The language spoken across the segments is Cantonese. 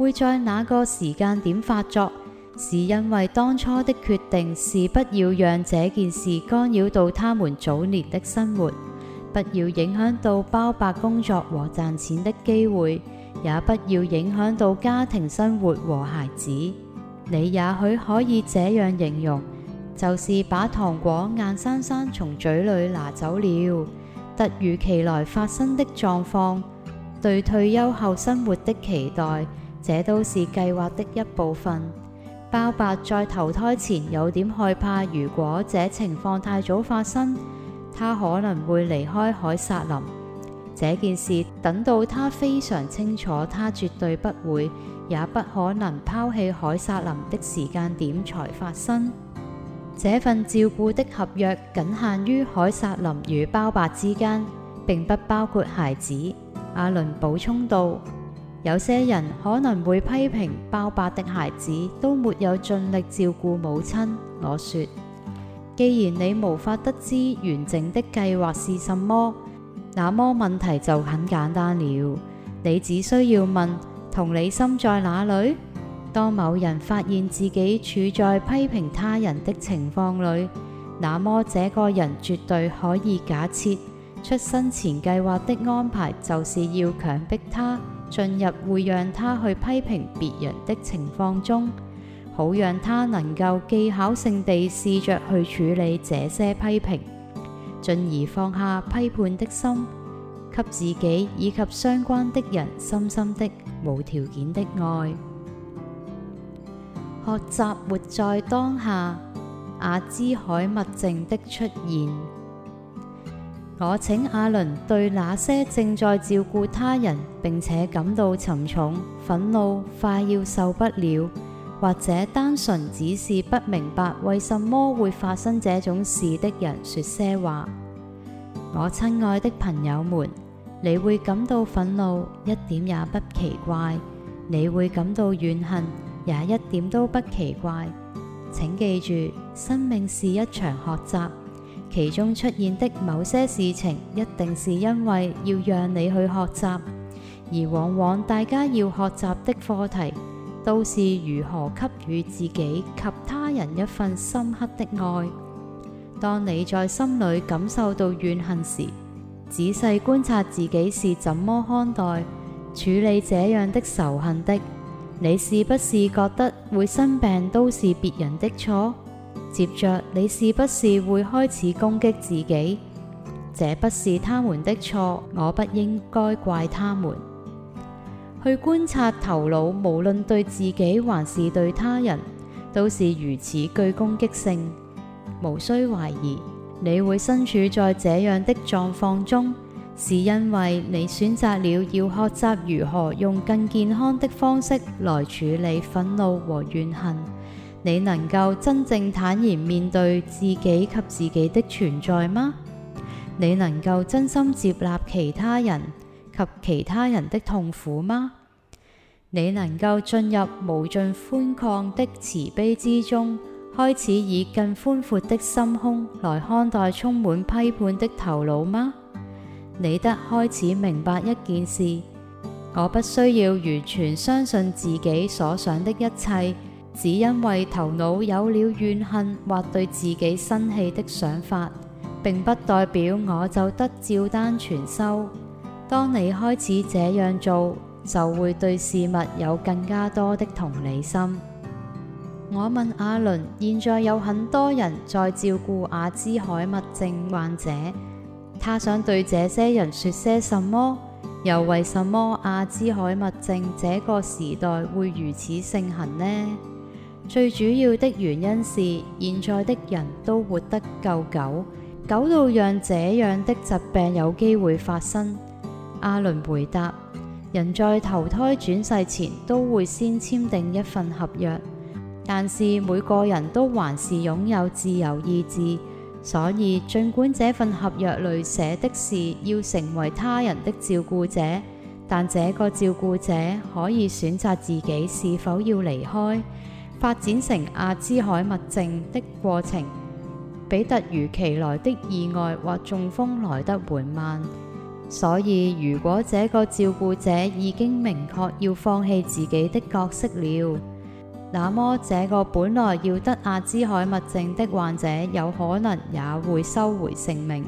會在那個時間點發作，是因為當初的決定是不要讓這件事干擾到他們早年的生活，不要影響到包伯工作和賺錢的機會，也不要影響到家庭生活和孩子。你也許可以這樣形容，就是把糖果硬生生從嘴裏拿走了。突如其來發生的狀況，對退休後生活的期待。這都是計劃的一部分。包伯在投胎前有點害怕，如果這情況太早發生，他可能會離開海薩林。這件事等到他非常清楚，他絕對不會，也不可能拋棄海薩林的時間點才發生。這份照顧的合約僅限於海薩林與包伯之間，並不包括孩子。阿倫補充道。有些人可能會批評包伯的孩子都沒有盡力照顧母親。我說，既然你無法得知完整的計劃是什麼，那麼問題就很簡單了。你只需要問同理心在哪裡。當某人發現自己處在批評他人的情況裡，那麼這個人絕對可以假設出生前計劃的安排就是要強迫他。進入會讓他去批評別人的情況中，好讓他能夠技巧性地試着去處理這些批評，進而放下批判的心，給自己以及相關的人深深的無條件的愛。學習活在當下，阿茲海默症的出現。我請阿倫對那些正在照顧他人並且感到沉重、憤怒、快要受不了，或者單純只是不明白為什麼會發生這種事的人說些話。我親愛的朋友們，你會感到憤怒一點也不奇怪，你會感到怨恨也一點都不奇怪。請記住，生命是一場學習。其中出現的某些事情，一定是因為要讓你去學習，而往往大家要學習的課題，都是如何給予自己及他人一份深刻的愛。當你在心裡感受到怨恨時，仔細觀察自己是怎麼看待、處理這樣的仇恨的，你是不是覺得會生病都是別人的錯？接着，你是不是會開始攻擊自己？這不是他們的錯，我不應該怪他們。去觀察頭腦，無論對自己還是對他人，都是如此具攻擊性。無需懷疑，你會身處在這樣的狀況中，是因為你選擇了要學習如何用更健康的方式來處理憤怒和怨恨。你能夠真正坦然面對自己及自己的存在嗎？你能夠真心接納其他人及其他人的痛苦嗎？你能夠進入無盡寬曠的慈悲之中，開始以更寬闊的心胸來看待充滿批判的頭腦嗎？你得開始明白一件事：我不需要完全相信自己所想的一切。只因為頭腦有了怨恨或對自己生氣的想法，並不代表我就得照單全收。當你開始這樣做，就會對事物有更加多的同理心。我問阿倫，現在有很多人在照顧阿茲海默症患者，他想對這些人說些什麼？又為什麼阿茲海默症這個時代會如此盛行呢？最主要的原因是，現在的人都活得夠久，久到讓這樣的疾病有機會發生。阿倫回答：人在投胎轉世前都會先簽訂一份合約，但是每個人都還是擁有自由意志，所以盡管這份合約裏寫的是要成為他人的照顧者，但這個照顧者可以選擇自己是否要離開。發展成阿茲海默症的過程，比突如其來的意外或中風來得緩慢。所以，如果這個照顧者已經明確要放棄自己的角色了，那麼這個本來要得阿茲海默症的患者，有可能也會收回性命，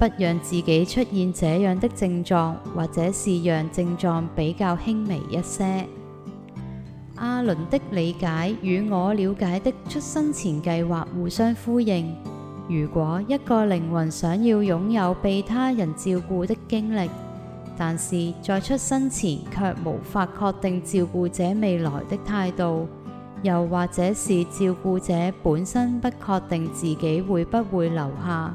不讓自己出現這樣的症狀，或者是讓症狀比較輕微一些。阿倫的理解與我了解的出生前計劃互相呼應。如果一個靈魂想要擁有被他人照顧的經歷，但是在出生前卻無法確定照顧者未來的態度，又或者是照顧者本身不確定自己會不會留下，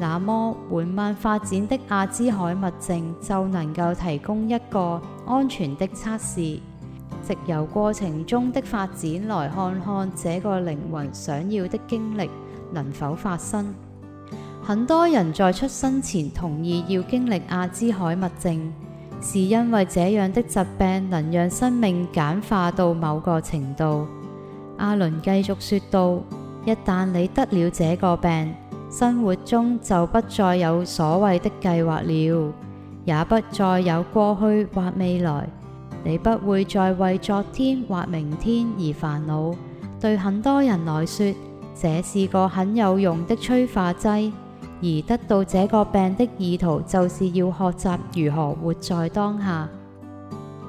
那麼緩慢發展的阿茲海默症就能夠提供一個安全的測試。直由過程中的發展，來看看這個靈魂想要的經歷能否發生。很多人在出生前同意要經歷阿茲海默症，是因為這樣的疾病能讓生命簡化到某個程度。阿倫繼續說道：「一旦你得了這個病，生活中就不再有所謂的計劃了，也不再有過去或未來。你不會再為昨天或明天而煩惱，對很多人來說，這是個很有用的催化劑。而得到這個病的意圖，就是要學習如何活在當下。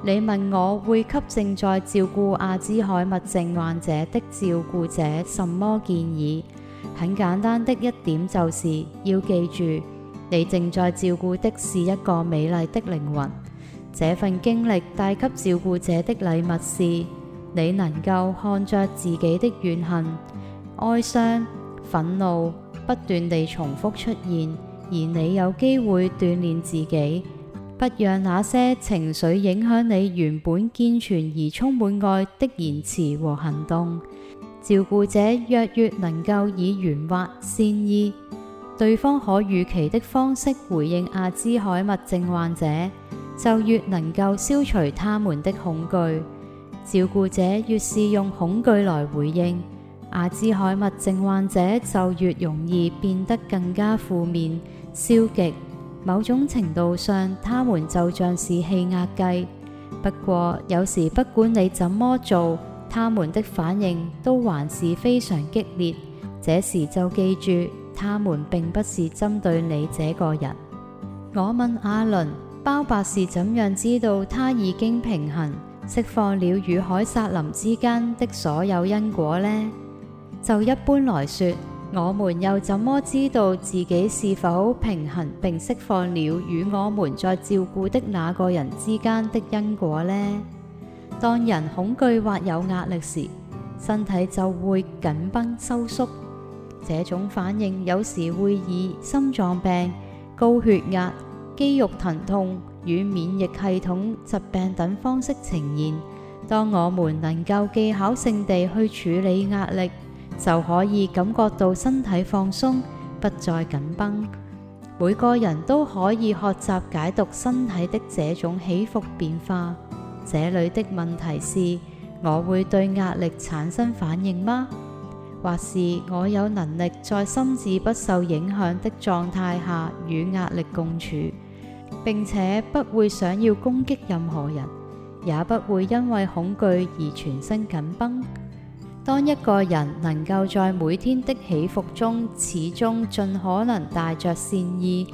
你問我會給正在照顧阿茲海默症患者的照顧者什麼建議？很簡單的一點，就是要記住，你正在照顧的是一個美麗的靈魂。這份經歷帶給照顧者的禮物是，你能夠看著自己的怨恨、哀傷、憤怒不斷地重複出現，而你有機會鍛鍊自己，不讓那些情緒影響你原本健全而充滿愛的言辭和行動。照顧者若越能夠以圓滑、善意、對方可預期的方式回應阿茲海默症患者，就越能夠消除他們的恐懼，照顧者越是用恐懼來回應，阿茲海默症患者就越容易變得更加負面、消極。某種程度上，他們就像是氣壓計。不過，有時不管你怎麼做，他們的反應都還是非常激烈。這時就記住，他們並不是針對你這個人。我問阿倫。包伯是怎樣知道他已經平衡釋放了與海撒林之間的所有因果呢？就一般來說，我們又怎麼知道自己是否平衡並釋放了與我們在照顧的那個人之間的因果呢？當人恐懼或有壓力時，身體就會緊繃收縮，這種反應有時會以心臟病、高血壓、肌肉疼痛與免疫系統疾病等方式呈現。當我們能夠技巧性地去處理壓力，就可以感覺到身體放鬆，不再緊繃。每個人都可以學習解讀身體的這種起伏變化。這裡的問題是：我會對壓力產生反應嗎？或是我有能力在心智不受影響的狀態下與壓力共處？並且不會想要攻擊任何人，也不會因為恐懼而全身緊繃。當一個人能夠在每天的起伏中始終盡可能帶着善意、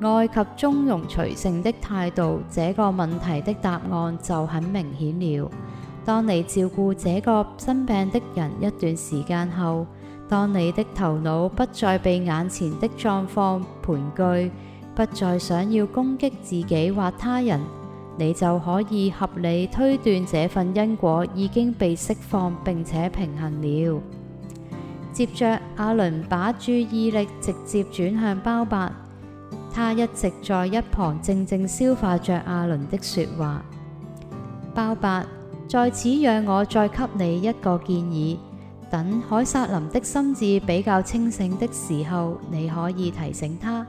愛及從容隨性的態度，這個問題的答案就很明顯了。當你照顧這個生病的人一段時間後，當你的頭腦不再被眼前的狀況盤踞。不再想要攻擊自己或他人，你就可以合理推斷這份因果已經被釋放並且平衡了。接着，阿倫把注意力直接轉向包伯，他一直在一旁靜靜消化着阿倫的說話。包伯，在此讓我再給你一個建議：等凱薩琳的心智比較清醒的時候，你可以提醒他。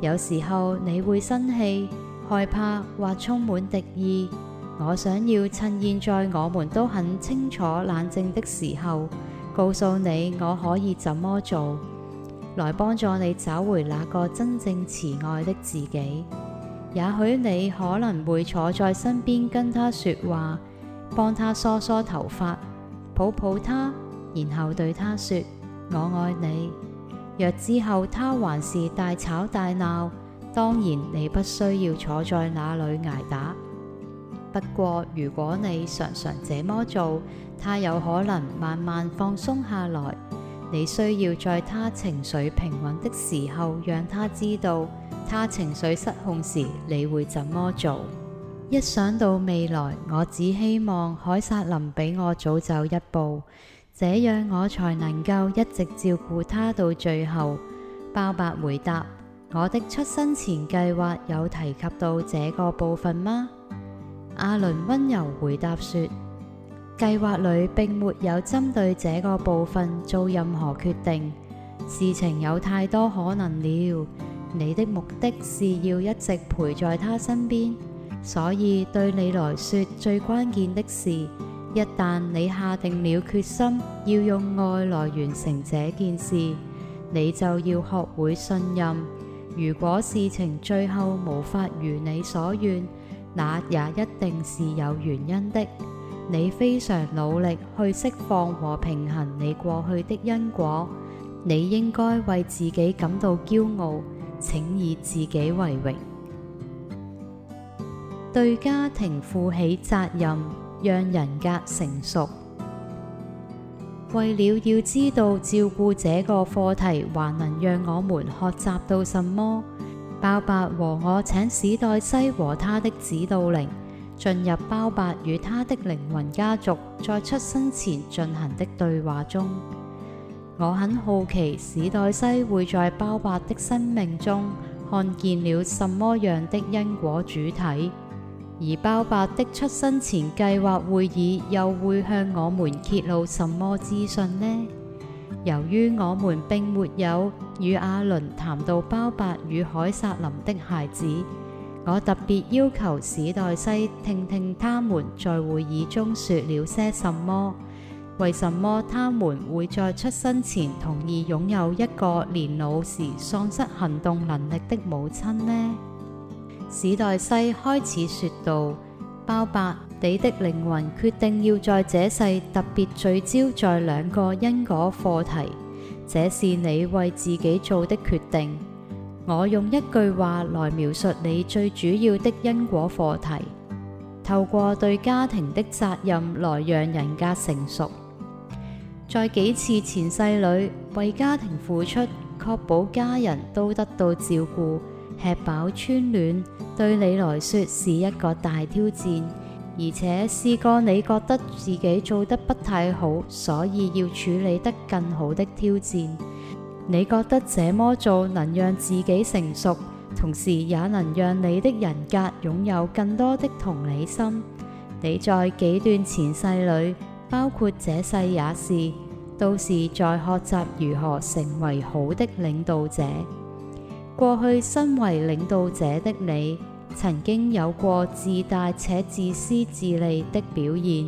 有時候你會生氣、害怕或充滿敵意。我想要趁現在我們都很清楚冷靜的時候，告訴你我可以怎麼做，來幫助你找回那個真正慈愛的自己。也許你可能會坐在身邊跟他說話，幫他梳梳頭髮，抱抱他，然後對他說：我愛你。若之後他還是大吵大鬧，當然你不需要坐在那裏捱打。不過如果你常常這麼做，他有可能慢慢放鬆下來。你需要在他情緒平穩的時候，讓他知道他情緒失控時你會怎麼做。一想到未來，我只希望凱撒林比我早走一步。這樣我才能夠一直照顧他到最後。包伯回答：我的出生前計劃有提及到這個部分嗎？阿倫溫柔回答說：計劃裏並沒有針對這個部分做任何決定。事情有太多可能了。你的目的是要一直陪在他身邊，所以對你來說最關鍵的是。一旦你下定了決心要用愛來完成這件事，你就要學會信任。如果事情最後無法如你所願，那也一定是有原因的。你非常努力去釋放和平衡你過去的因果，你應該為自己感到驕傲，請以自己為榮，對家庭負起責任。讓人格成熟。為了要知道照顧這個課題，還能讓我們學習到什麼？鮑伯和我請史黛西和他的指導靈進入鮑伯與他的靈魂家族在出生前進行的對話中。我很好奇史黛西會在鮑伯的生命中看見了什麼樣的因果主體。而包伯的出生前計劃會議又會向我們揭露什麼資訊呢？由於我們並沒有與阿倫談到包伯與凱薩琳的孩子，我特別要求史黛西聽聽他們在會議中說了些什麼。為什麼他們會在出生前同意擁有一個年老時喪失行動能力的母親呢？史黛西開始說道：包伯，你的靈魂決定要在這世特別聚焦在兩個因果課題，這是你為自己做的決定。我用一句話來描述你最主要的因果課題：透過對家庭的責任來讓人格成熟。在幾次前世裡，為家庭付出，確保家人都得到照顧，吃飽穿暖，對你來說是一個大挑戰，而且試過你覺得自己做得不太好，所以要處理得更好的挑戰。你覺得這麼做能讓自己成熟，同時也能讓你的人格擁有更多的同理心。你在幾段前世裏，包括這世也是，都是在學習如何成為好的領導者。過去身為領導者的你，曾經有過自大且自私自利的表現，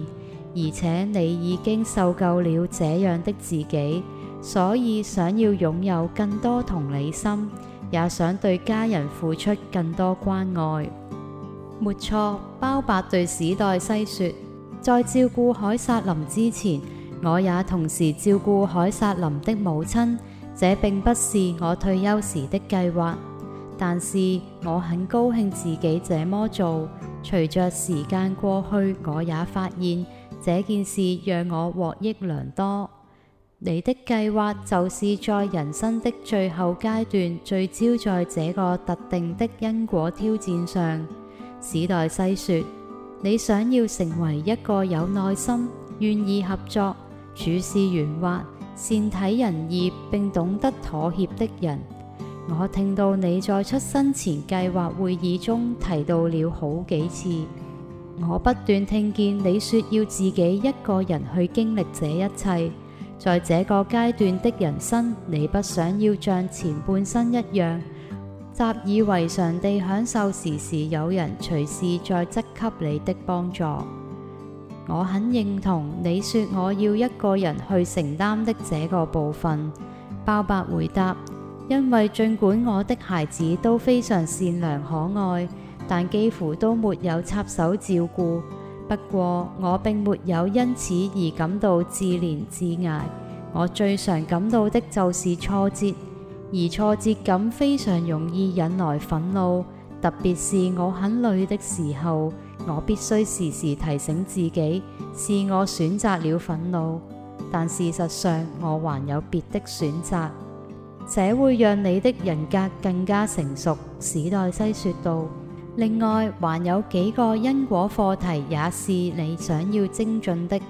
而且你已經受夠了這樣的自己，所以想要擁有更多同理心，也想對家人付出更多關愛。沒錯，包伯對史黛西說：在照顧海薩林之前，我也同時照顧海薩林的母親。這並不是我退休時的計劃，但是我很高興自己這麼做。隨着時間過去，我也發現這件事讓我獲益良多。你的計劃就是在人生的最後階段聚焦在這個特定的因果挑戰上。史代西說，你想要成為一個有耐心、願意合作、處事圓滑。善體人意並懂得妥協的人，我聽到你在出生前計劃會議中提到了好幾次。我不斷聽見你說要自己一個人去經歷這一切。在這個階段的人生，你不想要像前半生一樣習以為常地享受時時有人隨時在側給你的幫助。我很認同你說我要一個人去承擔的這個部分。包伯回答：因為儘管我的孩子都非常善良可愛，但幾乎都沒有插手照顧。不過我並沒有因此而感到自憐自艾。我最常感到的就是挫折，而挫折感非常容易引來憤怒。特別是我很累的時候，我必須時時提醒自己，是我選擇了憤怒，但事實上我還有別的選擇。這會讓你的人格更加成熟。史黛西說道。另外還有幾個因果課題也是你想要精進的，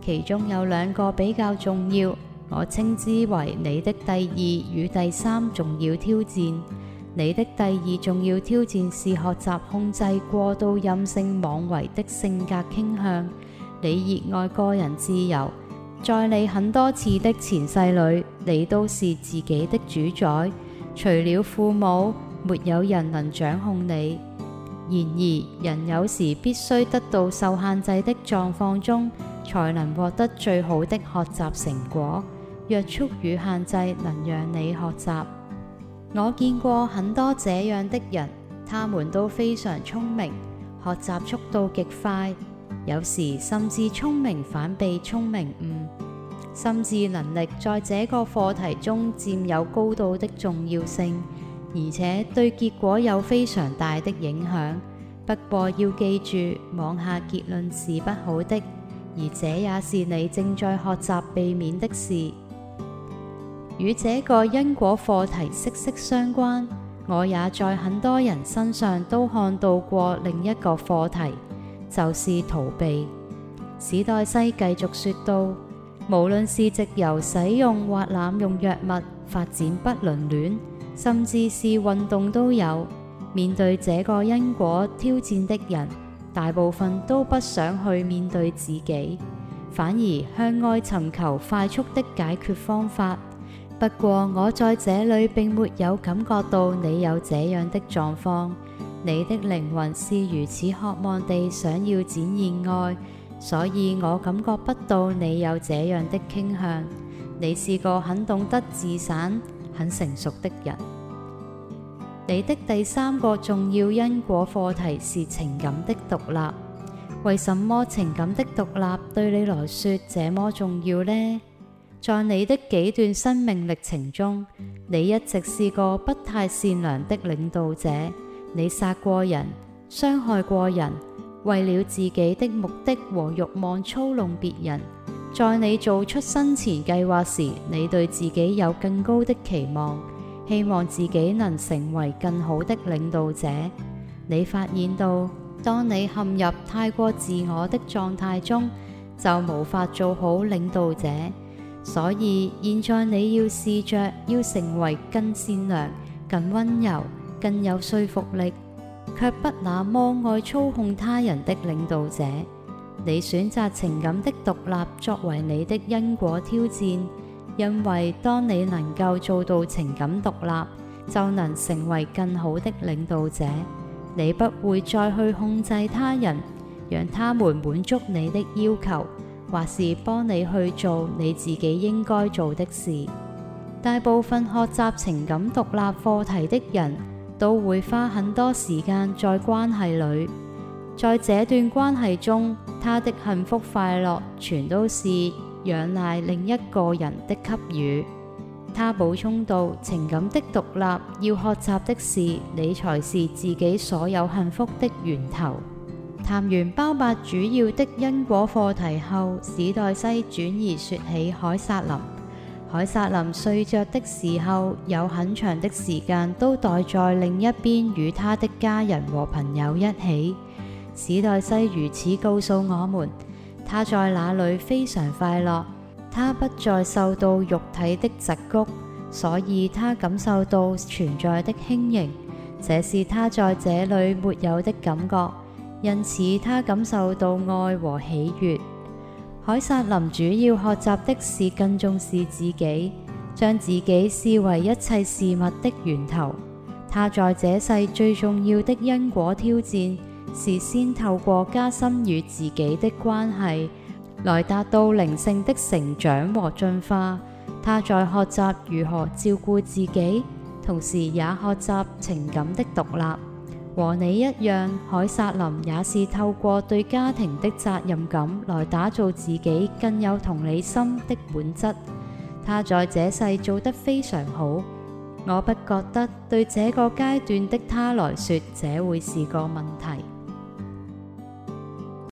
其中有兩個比較重要，我稱之為你的第二與第三重要挑戰。你的第二重要挑戰是學習控制過度任性妄為的性格傾向。你熱愛個人自由，在你很多次的前世裏，你都是自己的主宰，除了父母，沒有人能掌控你。然而，人有時必須得到受限制的狀況中，才能獲得最好的學習成果。約束與限制能讓你學習。我見過很多這樣的人，他們都非常聰明，學習速度極快，有時甚至聰明反被聰明誤。心智能力在這個課題中佔有高度的重要性，而且對結果有非常大的影響。不過要記住，妄下結論是不好的，而這也是你正在學習避免的事。與這個因果課題息息相關，我也在很多人身上都看到過另一個課題，就是逃避。史黛西繼續説道：「無論是藉由使用或濫用藥物、發展不倫戀，甚至是運動都有，面對這個因果挑戰的人，大部分都不想去面對自己，反而向外尋求快速的解決方法。不過我在這裏並沒有感覺到你有這樣的狀況，你的靈魂是如此渴望地想要展現愛，所以我感覺不到你有這樣的傾向。你是個很懂得自省、很成熟的人。你的第三個重要因果課題是情感的獨立，為什麼情感的獨立對你來說這麼重要呢？在你的幾段生命歷程中，你一直是個不太善良的領導者。你殺過人，傷害過人，為了自己的目的和欲望操弄別人。在你做出生前計劃時，你對自己有更高的期望，希望自己能成為更好的領導者。你發現到，當你陷入太過自我的狀態中，就無法做好領導者。所以，現在你要試著要成為更善良、更溫柔、更有說服力，卻不那麼愛操控他人的領導者。你選擇情感的獨立作為你的因果挑戰，因為當你能夠做到情感獨立，就能成為更好的領導者。你不會再去控制他人，讓他們滿足你的要求。或是幫你去做你自己應該做的事。大部分學習情感獨立課題的人都會花很多時間在關係裡，在這段關係中，他的幸福快樂全都是仰賴另一個人的給予。他補充到：情感的獨立要學習的是，你才是自己所有幸福的源頭。談完包伯主要的因果課題後，史黛西轉而說起凱薩林。凱薩林睡着的時候，有很長的時間都待在另一邊，與他的家人和朋友一起。史黛西如此告訴我們，他在那裡非常快樂，他不再受到肉體的桎梏，所以他感受到存在的輕盈，這是他在這裡沒有的感覺。因此，他感受到愛和喜悦。凱撒林主要學習的是更重視自己，將自己視為一切事物的源頭。他在這世最重要的因果挑戰是先透過加深與自己的關係，來達到靈性的成長和進化。他在學習如何照顧自己，同時也學習情感的獨立。和你一樣，凱薩琳也是透過對家庭的責任感來打造自己更有同理心的本質。他在這世做得非常好，我不覺得對這個階段的他來說，這會是個問題。